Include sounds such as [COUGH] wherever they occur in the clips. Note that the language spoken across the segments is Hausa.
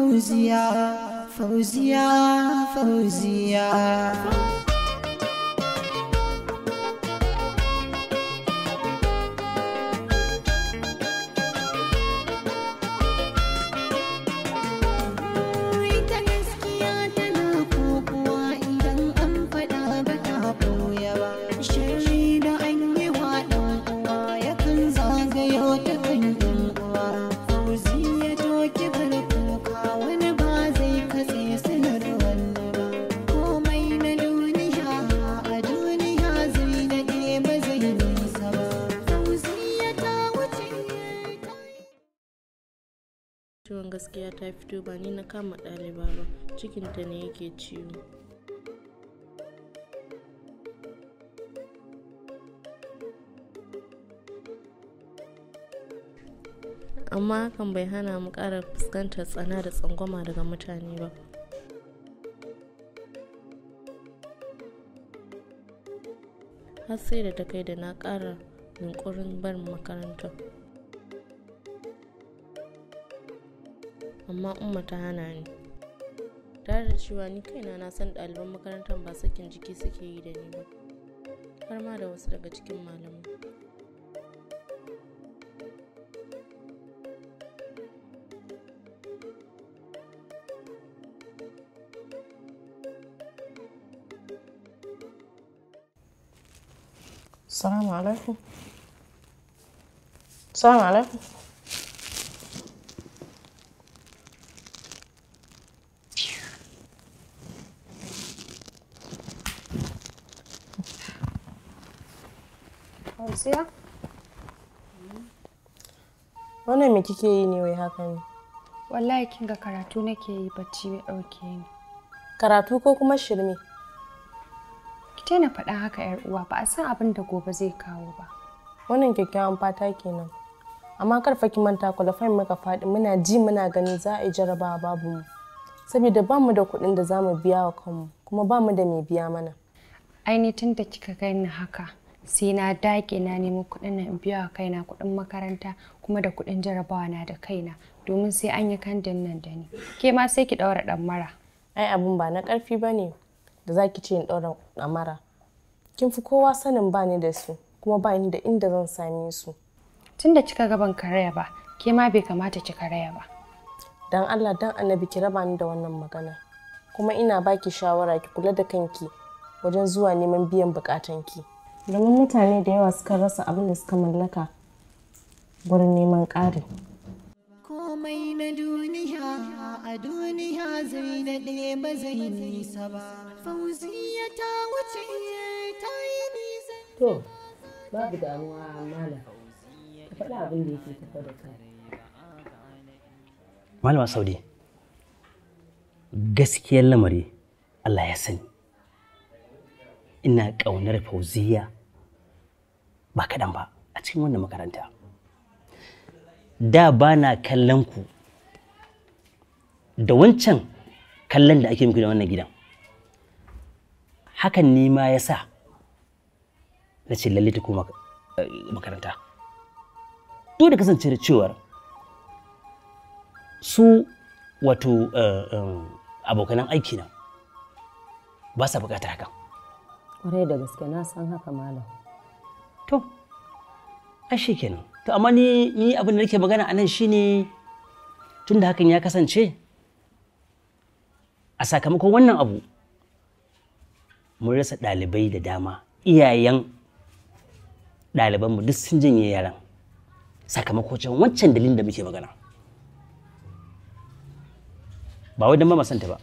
fauziya fauziya fauziya gaskiya ta fito ba ni na kama ɗaliba ba cikinta ne yake ciwo amma hakan bai hana mu ƙara fuskantar tsana da tsangwama daga mutane ba har sai da ta kai da na ƙara yunkurin barin makaranta. amma umma ta hana ni tare da cewa ni kaina na san ɗaliban makarantar ba sakin jiki suke yi da ni ba har ma da wasu daga cikin malamu alaikum. alaikum. gaskiya? Mm. Wannan me kike yi ne wai haka ne? Wallahi kin ga karatu nake yi bacci bai ɗauke ni. Karatu ko kuma shirme? Ki daina faɗa haka ‘yar uwa ba a san abin da gobe zai kawo ba. Wannan kyakkyawan fata kenan. Amma kar fa ki manta kwalifayin muka faɗi muna ji muna gani za a yi jarabawa babu mu. Saboda ba mu da kuɗin da za mu biya wa kanmu kuma ba mu da mai biya mana. Ainihin tun da kika gani haka sai na dake na nemi kuɗin na biya wa kaina kuɗin makaranta kuma da kuɗin jarabawa na da kaina domin sai an yi kandin nan da ni ke ma sai ki ɗaura ɗan mara ai abun ba na ƙarfi ba ne da za ki ce in ɗaura ɗan mara kin fi kowa sanin ba ni da su kuma ba ni da inda zan same su tun da kika gaban karaya ba ke ma bai kamata ki karaya ba dan Allah dan annabi ki raba ni da wannan magana kuma ina baki shawara ki kula da kanki wajen zuwa neman biyan bukatanki ki domin mutane da yawa suka rasa abin da suka mallaka wurin neman ƙari komai na duniya a duniya zai daɗe ba zai nisa ba fauziya ta wuce ta yi nisa to babu damuwa mala ka faɗa abin da yake tafa da kai malama saudi gaskiyar lamari allah ya sani ina ƙaunar fauziya ba kaɗan ba a cikin wannan makaranta da ba na kallon ku da wancan kallon da ake muku da wannan gidan hakan ne ma ya sa na ce lalle ta koma eh, makaranta duk da kasance da cewar su wato eh, eh, abokanan aiki na ba sa bukatar hakan Kwarai da gaske na san haka malam. To, shi kenan. To amma ni ni abin da nake magana anan shine tunda hakan ya kasance a sakamakon wannan abu mun rasa ɗalibai da dama iyayen ɗalibanmu duk sun janye yaran sakamakon wancan dalilin da muke magana ba wai don ba masanta ba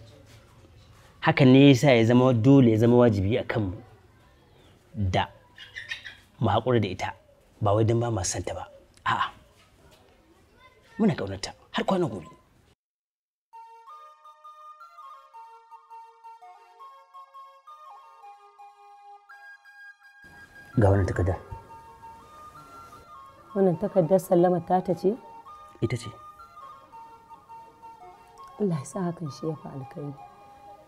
hakan ne yasa ya zama dole ya zama wajibi a kanmu da mu haƙura da ita ba wai don ba mu santa ba a'a muna ƙaunarta har kwana gobe ga wannan takardar wannan takardar sallama ta ta ce ita ce Allah ya sa hakan shi ya fa alkhairi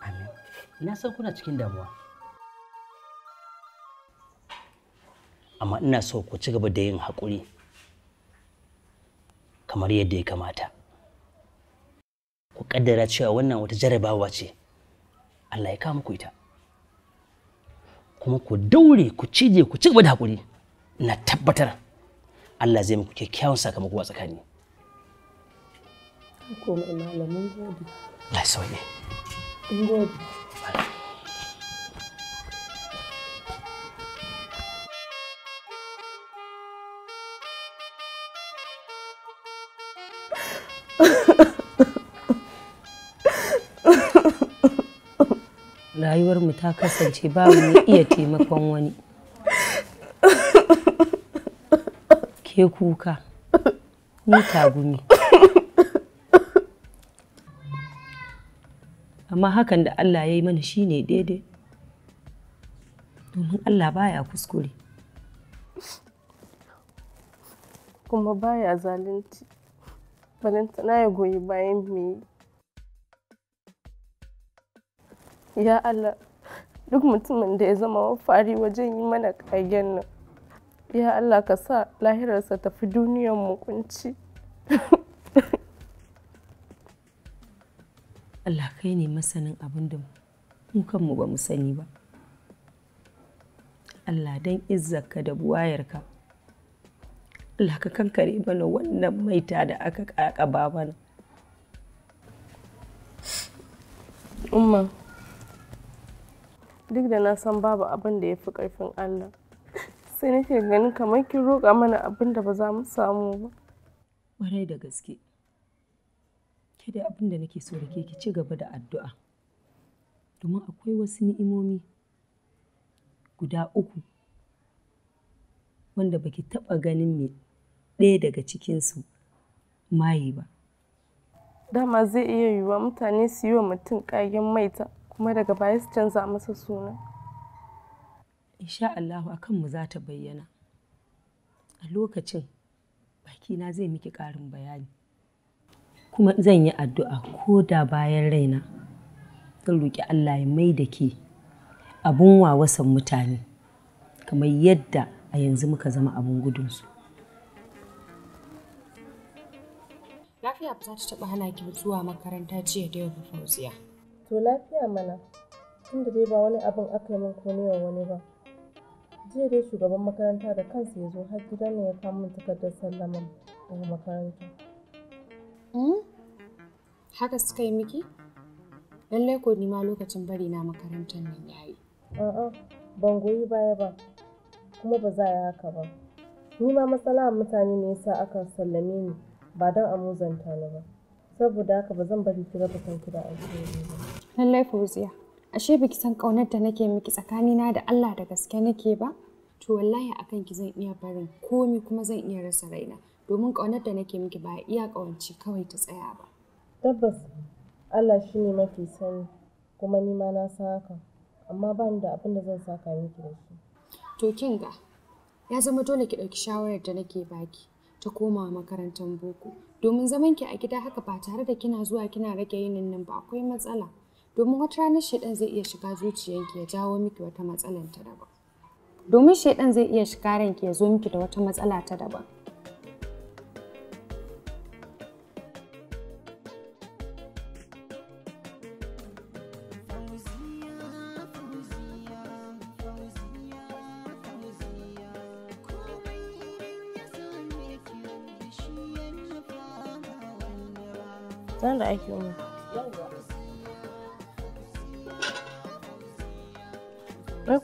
amin ina san kuna cikin damuwa amma ina so ku ci gaba da yin hakuri kamar yadda ya kamata ku ƙaddara cewa wannan wata jarabawa ce Allah ya kama ku ita kuma ku daure ku cije ku ci gaba da hakuri na tabbatar Allah zai muku kyakkyawan sakamako a tsakani Ko malamin sauye. [LAUGHS] rayuwarmu ta kasance ba mu iya taimakon wani ke kuka ni tagumi amma hakan da Allah ya yi mana shine daidai domin Allah baya kuskure kuma baya zalunci na ya goyi bayan me ya Allah duk mutumin da ya zama fari wajen yi mana kagen nan ya Allah ka sa lahirarsa tafi duniyar mu kunci [LAUGHS] Allah kai ne masanin abin da mu ba mu sani ba Allah don izzarka da buwayarka Allah ka kankare mana wannan maita da aka kakaba mana umma duk da na san babu abin da ya fi ƙarfin Allah sai nake ganin kamar kin roƙa mana abin da ba za mu samu ba Warai da gaske ke da abin da nake so da ke ki ci gaba da addu'a domin akwai wasu ni'imomi guda uku wanda baki taɓa ganin mai ɗaya daga cikinsu mayi ba. Dama zai iya yiwuwa mutane su yi wa mutum ƙagen maita kuma daga baya su canza masa suna. Insha Allah a kanmu za ta bayyana. A lokacin bakina zai miki ƙarin bayani. Kuma zan yi addu'a ko da bayan raina. Zan roƙi Allah ya mai da ke abun wawasan mutane kamar yadda a yanzu muka zama abun gudunsu. Lafiya ba za ta taɓa hana ki zuwa makaranta jiya da yau ba Fauziya. To lafiya mana, tunda dai ba wani abin aka yi min ko ne wani ba. Jiya dai shugaban makaranta da kansa ya zo har gidan ne ya kawo min takardar sallaman daga makaranta. Hmm? Haka suka yi miki? Lallai ko ni ma lokacin bari na makarantar nan ya yi. A'a, ban goyi baya ba, kuma ba za a yi haka ba. Ni ma matsala mutane ne yasa aka sallame ni. ba don a muzanta ni ba saboda haka ba zan bari ki raba kanki da alheri ba lallai fauziya ashe biki san kaunar da nake miki tsakanina da Allah da gaske nake ba to wallahi akan ki zan iya barin komi kuma zan iya rasa raina domin kaunar da nake miki ba iya kawanci kawai ta tsaya ba tabbas Allah shine mafi sani kuma ni ma na san amma ba ni da abin da zan saka miki da shi to kinga ya zama dole ki ɗauki shawarar da nake baki ta koma makarantar boko domin zaman ki a gida haka ba tare da kina zuwa kina rage yinin nan ba akwai matsala domin wata ranar shaidan zai iya shiga zuciyanki ya jawo miki wata matsalan ta daban domin shaidan zai iya shiga ranki ya zo miki da wata matsala ta daban da ake yi.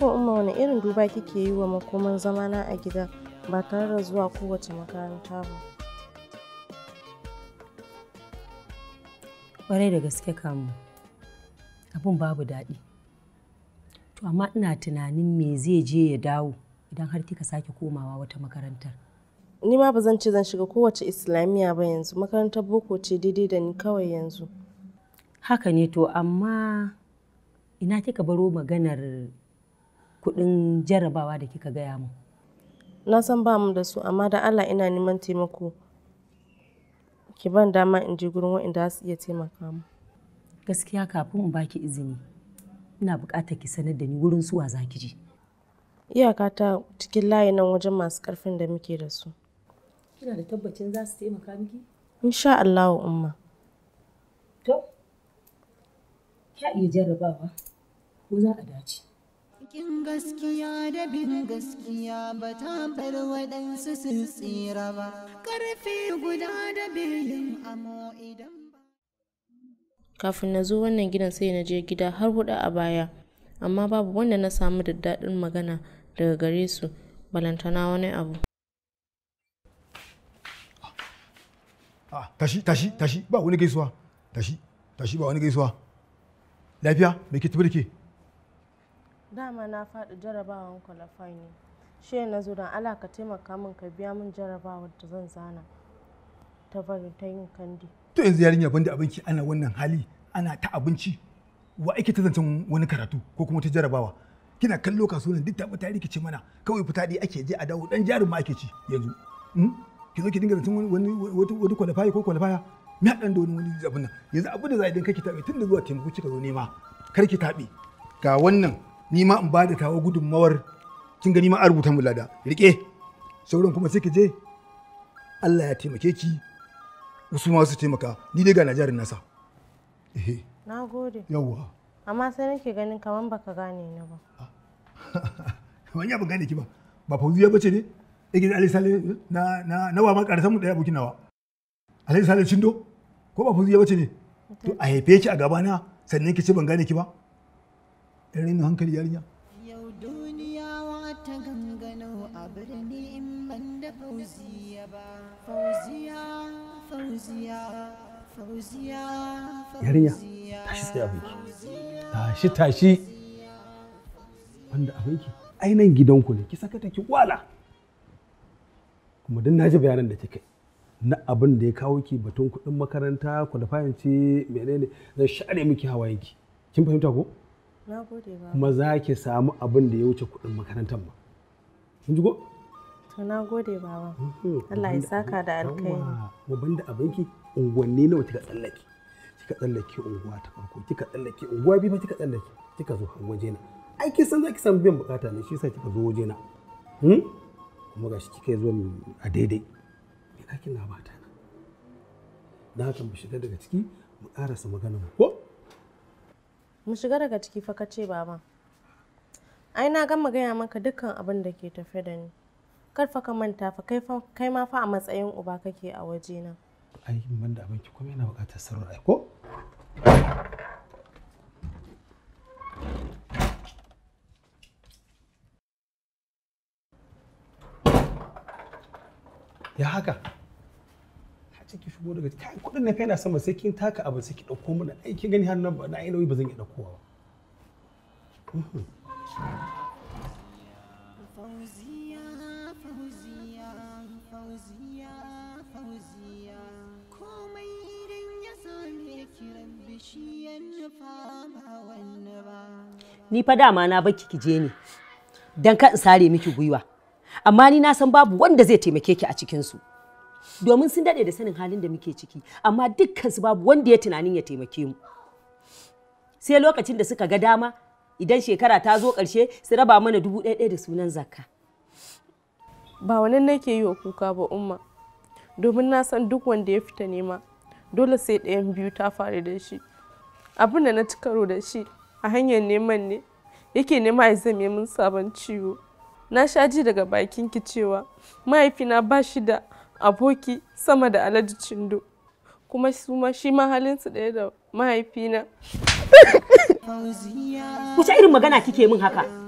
umma wani irin duba kike yi wa makoman zamana a gida ba tare da zuwa kowace makaranta ba. Ƙwarai da gaske kamu abin babu daɗi. To amma ina tunanin me zai je ya dawo idan har kika sake komawa wata makarantar. ni ma ba zan ce zan shiga kowace islamiyya ba yanzu makarantar boko ce daidai da ni kawai yanzu haka ne to amma ina kika baro maganar kudin jarabawa da kika gaya mu na san ba mu da su amma da allah ina neman taimako ki ban dama in je gurin waɗanda za su iya taimaka mu gaskiya kafin in baki izini ina buƙatar ki sanar da ni wurin suwa za ki je iyaka ta cikin layi nan wajen masu ƙarfin da muke da su Kina da tabbacin za su taimaka miki? Insha Allah umma. To, ka iya jarrabawa ko za a dace. Kin gaskiya da bin gaskiya ba ta bar waɗansu sun tsira ba, ƙarfi guda da belin amo idan ba. Kafin na zo wannan gidan sai na je gida har huɗu a baya, amma babu wanda na samu daddadin magana daga gare su, balantana wani abu. tashi tashi tashi ba wani gaisuwa tashi tashi ba wani gaisuwa lafiya me ke tafi dama na faɗi jarabawan kwalafai ne shi na zo don ala ka taimaka min ka biya min jarabawar da zan zana ta bari ta yin kandi to yanzu yarinya banda abinci ana wannan hali ana ta abinci wa ake ta zancen wani karatu ko kuma ta jarabawa kina kallo kasuwan duk ta fita rikice mana kawai fita ake je a dawo dan jarin ma ake ci yanzu hmm? ki zo ki dinga zancen wani wani kwalifaya ko kwalifaya me haɗan da wani wani abin nan yanzu abin da za a idan kake taɓe tun da zuwa taimako kika zo nema kar ki taɓe ga wannan ni ma in bada da tawo gudunmawar kin gani ma a rubuta mu lada rike sauran kuma sai ki je Allah ya taimake ki wasu ma su taimaka ni dai ga najarin nasa ehe na gode yawwa amma sai nake ganin kaman baka gane ni ba kamar [LAUGHS] ya ban gane ki ba ba fauziya bace ne yake da alisale na na na wa karsan mu daya abokin nawa alisale cindo ko ba fuziya bace ne to a haife ki a gaba na sannan ki ce ban gane ki ba ɗan hankali yarinya yau duniyawa ta gangano a birni in ban da ba fauziya fauziya fauziya yarinya tashi sai abinki tashi tashi wanda abinki ai nan gidanku ne ki saka ki wala kuma duk na ji bayanan da kika na abin da ya kawo ki batun kuɗin makaranta ku da fahimci menene zan share miki ki kin fahimta ko na gode ba kuma za ki samu abin da ya wuce kuɗin makarantar ma kin ji ko to na gode baba mhm. Allah ya saka da alkai mu banda ki unguwanni nawa kika tsallake kika tsallake unguwa ta farko kika tsallake unguwa biyu kika tsallake kika zo har na ai kin san zaki samu biyan bukata ne shi yasa kika zo waje na hmm? kuma gashi kika zo mu a daidai me ka kina ba ta dan haka mu shiga daga ciki mu karasa magana mu ko mu shiga daga ciki fa kace baba ai na gama gaya maka dukkan abin da ke tafe da ni kar fa ka manta fa kai kai ma fa a matsayin uba kake a waje na ai ban da abin ki kuma yana bukatar sarrafa ko ya haka ce ki shigo daga kai kudin na yana sama sai kin taka abu sai ki dauko mana ai kin gani har ba na ai nauyi ba zan iya daukowa ba mhm. ya ba ni fa dama na baki ki je ne dan ka in sare miki gwiwa amma ni na san babu wanda zai taimake ki a cikin su domin sun dade da sanin halin da muke ciki amma su babu wanda ya tunanin ya taimake mu sai lokacin da suka ga dama idan shekara ta zo karshe su raba mana dubu ɗaya da sunan zakka ba wani nake yi wa kuka ba umma domin na san duk wanda ya fita nema dole sai ɗayan biyu ta faru da shi abin da na ci karo da shi a hanyar neman ne yake nema ya zame min sabon ciwo na sha ji daga bakin ki cewa mahaifina ba shi da aboki sama da alhaji cindo kuma su shi ma halinsu ɗaya da mahaifina wace irin magana kike min haka